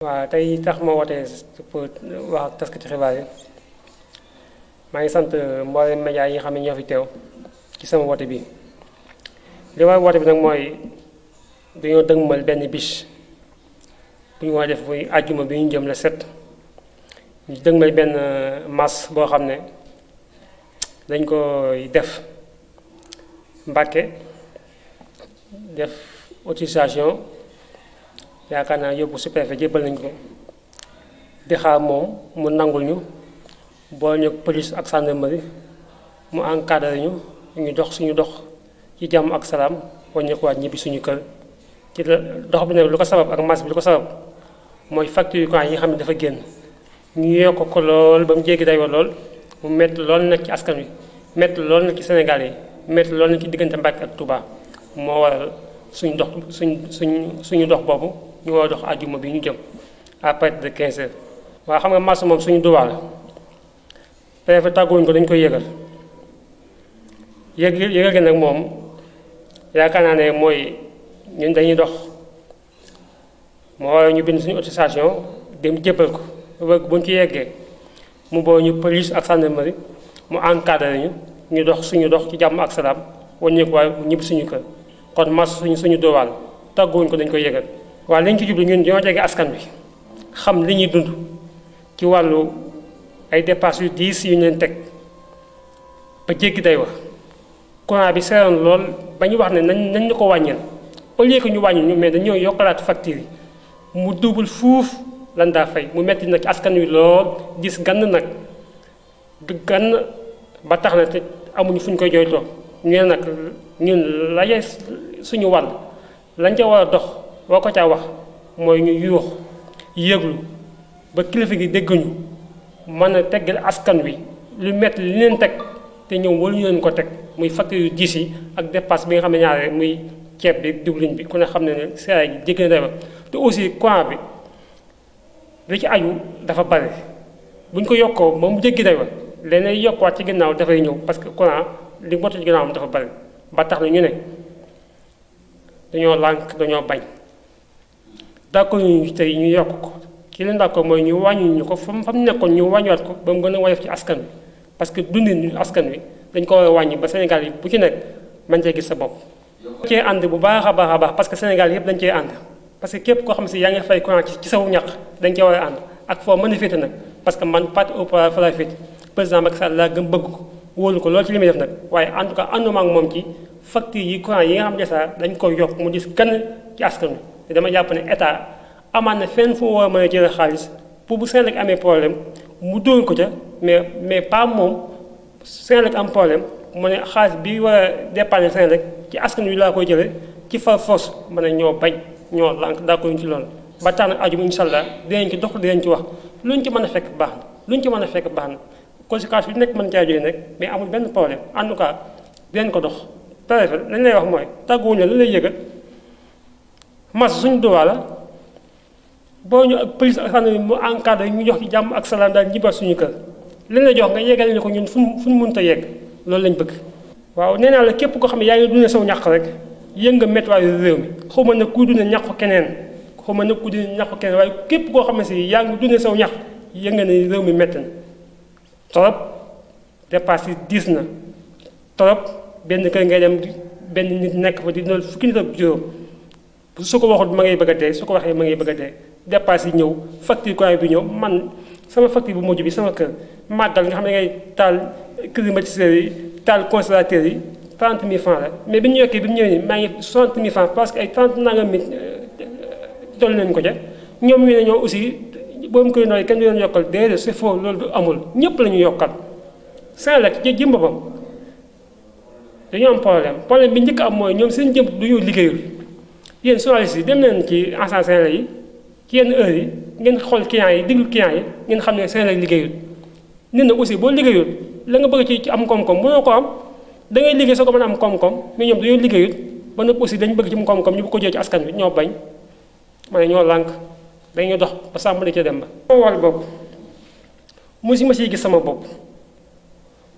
waaw tey tax ma wootee pour wax ak taskati xibaar yi maa ngi sant euh, mboolem média yi xam ne ñoo fi teew ci sama woote bi li war woote bi nag mooy dañoo dëgmal benn bis bu ñu war a def muy àjjuma bi ñu jëm la set ñu dëgmal benn euh, masse boo xam ne dañ koy def Mbàkke def autorisation yaakaar naa yóbbu sous-préfet jébbal nañ ko di xaar moom mu nangul ñu boo ñu police ak gendarmerie mu encadré ñu ñu dox suñu dox ci jàmm ak salaam wàññeekuwaat ñibbi suñu kër ci dox bi nag lu ko sabab ak marché bi lu ko sabab mooy facture courant yi nga xam ne dafa génn ñu yokk ko lool ba mu jéggi dayoo lool mu métti lool nag ci askan wi metti lool nag ci Sénégal yi métti lool nag ci diggante Mbàkke ak Touba moo waral. suñ dox suñ suñ suñu dox boobu ñu war a dox àjjuma bi ñu jëm à partir de 15 heures waa xam nga marche moom suñu droit la préfet ko dañ koy yëgal yëg yëgal gi nag moom yaakaar naa ne mooy ñu dañuy dox moo war ñu bind suñu autorisation dem jébbal ko wëgg buñ ci yeggee mu boo ñu police ak gendarmerie mu encadré ñu ñu dox suñu dox ci jàmm ak salaam wàññeeku waaye ñibbi suñu kër kon mas suñu suñu doowaal tàgguwuñ ko dañ koy yëgal waaye lañ ci jublu ñun ñoo jege askan bi xam li ñuy dund ci wàllu ay dépenses yu diis yu ñu leen teg ba jéggi day wax courant bi seeroon lool ba ñu wax ne nañ nañ ko wàññil au lieu que ñu wàññi ñu mais dañoo yokkalaat facture yi mu double fuuf lan daa fay mu metti nag askan wi lool gis gann nag du gann ba tax na te amuñu fu ñu koy jooytoo nee nag ñun la suñu wàll lañ ca war a dox boo ko caa wax mooy ñu yuux yëglu ba kilifa gi dégguñu mën a teggal askan wi lu metti li leen teg te ñoom waruñu leen ko teg muy facture yu diis yi ak dépasse bi nga xam ne ñaare muy ceeb bi diwlin bi ku ne xam ne ne seeraay gi jéggi na dayoo te aussi courant bi li ci aju dafa bare buñ ko yokkoo moom jéggi dayoo leneen yokkaat ci ginnaaw dafay ñëw parce que li botu ci ginnaaw am dafa bari ba tax na ñu ne dañoo lànk dañoo bañ d'accord ñu tey ñu yokk ko ki leen d'accord mooy ñu wàññi ñu ko fam fam nekkoon ñu wàññiwaat ko ba mu gën a woyof ci askan wi parce que dundin askan wi dañ ko wàññi ba Sénégal yi bu ci nekk man cee gis sa bopp cee ànd bu baax a baax a baax parce que Sénégal yëpp dañ cee ànd parce que képp koo xam si yaa ngi fay courant ci saw ñaq dañ cee war a ànd ak foo mën a féete nag parce que man parti au pouvoir fa la féete président Macky Sall laa gëm bëgg ko wóolu ko loolu ci li muy def nag waaye en tout cas ànduma moom ci facture yi courant yi nga xam ne saa dañ koy yokk mu gis kenn ci askan wi dama jàpp ne état amaat na fenn fu war a mën a jëlee xaalis pour bu Senelec amee problème mu dóor ko ca mais mais pas moom Senelec am problème mu ne xaalis bi war a dépanner Senelec ci askan wi laa koy jëlee ci far force mën a ñoo bañ ñoo lànk daa koy ci loolu ba tax nag aju incha allah dinañ ci dox dinañ ci wax luñ ci mën a fekk baax luñ ci mën a fekk baax conséquence yu nekk mën caa jógee nag mais amul benn problème en tout cas dinañ ko dox. tarifa lañ lay wax mooy tàgg la lay yëgal mas suñu duwaa la boo ñu ak police ak sànni mu encadré ñu jox jàmm ak salaam daal ñibbaat suñu kër lañ la jox nga yegal ñu ko ñun fu fu mu mënut a yegg loolu lañ bëgg. waaw nee naa la képp koo xam ne yaa ngi dundee saw ñàq rek yënga météo réew mi xaw ma ne kuy dundee ñàqu keneen xaw ma nag kuy dundee ñàqu keneen waaye képp koo xam ne si yaa ngi dundee saw ñàq yënga ne réew mi métti na trop dépasse yi diis na trop benn kër ngay dem benn nit nekk fa di noonu fukki nit ak juróom su ko waxul ma ngay bëgg a dee su ko waxee ma ngay bëgg a dee dépasse yi ñëw facture courant bi ñëw man sama facture bu mujj bi sama kër màggal nga xam ne ngay taal climatiseur yi taal congélateur yi 30 000 francs mais bi ñu yokkee bi ñëwee maa ngi 60 000 francs parce que ay 30 nangam mi euh, euh, dolli nañ ko ca ñoom ñu ne ñoo aussi. boobu koy nooy kenn du leen yokkal déedéet c'est faux loolu du amul ñëpp la ñu yokkal seen lekk ci jëm boppam dañu am problème problème bi njëkk am mooy ñoom seen jëm du ñu liggéeyul yéen journalistes yi dem neen ci agence Senelec yi ci yenn heure yi ngeen xool clients yi déglu clients yi ngeen xam ne Senelec liggéeyul nit na aussi boo liggéeyul la nga bëgg ci am koom-koom mënoo ko am da ngay liggéey soo ko mën am koom-koom mais ñoom dañoo liggéeyul ba noppi aussi dañ bëgg ci mu koom-koom ko jël ci askan bi ñoo bañ ma ñoo lànk dañuy dox ba sàmmali ca dem ba. sama wàll bopp mosuma siy gis sama bopp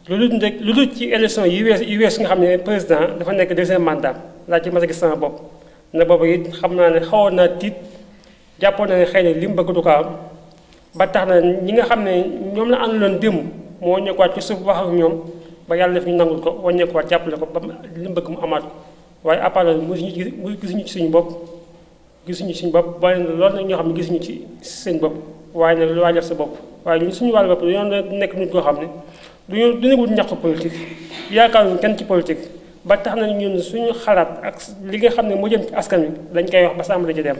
lu dul rek lu dul ci élection yi wees yi wees nga xam ne président dafa nekk deuxième mandat laa ci mas a gis sama bopp na boobu it xam naa ne xawoon naa tiit jàppoon na ne xëy na li mu bëgg du ko am ba tax na ñi nga xam ne ñoom la àndaloon démb moo wàññeekuwaat ci suuf wax ñoom ba yàlla fi ñu nangul ko wàññeekuwaat jàppale ko ba li mu bëgg mu amaat ko waaye à part loolu mosuñu ci suñu bopp. gisuñu suñu bopp bari na lool nag ñoo xam ne gisuñu ci seen bopp waaye nag lu waay sa bopp waaye ñun suñu wàllu bopp dañoo nekk nit koo xam ne du duñu wut ñaxtu politique yaakaaruñu kenn ci politique ba tax na ñun suñu xalaat ak li nga xam ne moo jëm ci askan wi dañ koy wax ba sàmm la ci dem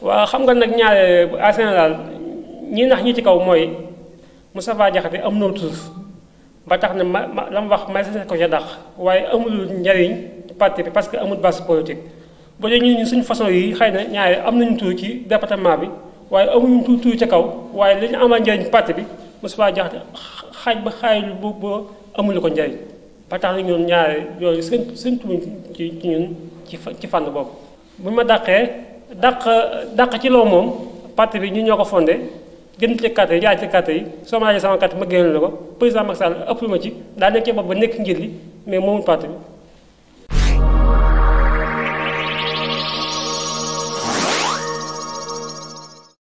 waaw xam nga nag ñaare en général ñi nax ñii ci kaw mooy Moustapha Diakhaté am na tur ba tax na ma ma la mu wax ma ko ca dàq waaye amul njariñ parti bi parce que amul base politique ba suñu façon yi xëy na ñaare am nañu tuur ci département bi waaye amuñu tuur tuur ca kaw waaye li ñu amal njëriñ parti bi Moustapha Diakhaté xaaj ba xaajul bu bu amuñu ko njëriñ ba tax na ñun ñaare yooyu seen seen tuuñ ci ci ñun ci fànn boobu. bu ma dàqee dàq dàq ci loo moom parti bi ñu ñoo ko fondé gën ci carte yi jaay ci carte yi soo ma laajee sama carte ma génn la ko président Macky ëpp ma ci daa nekk ci ba nekk li mais moomul parti bi.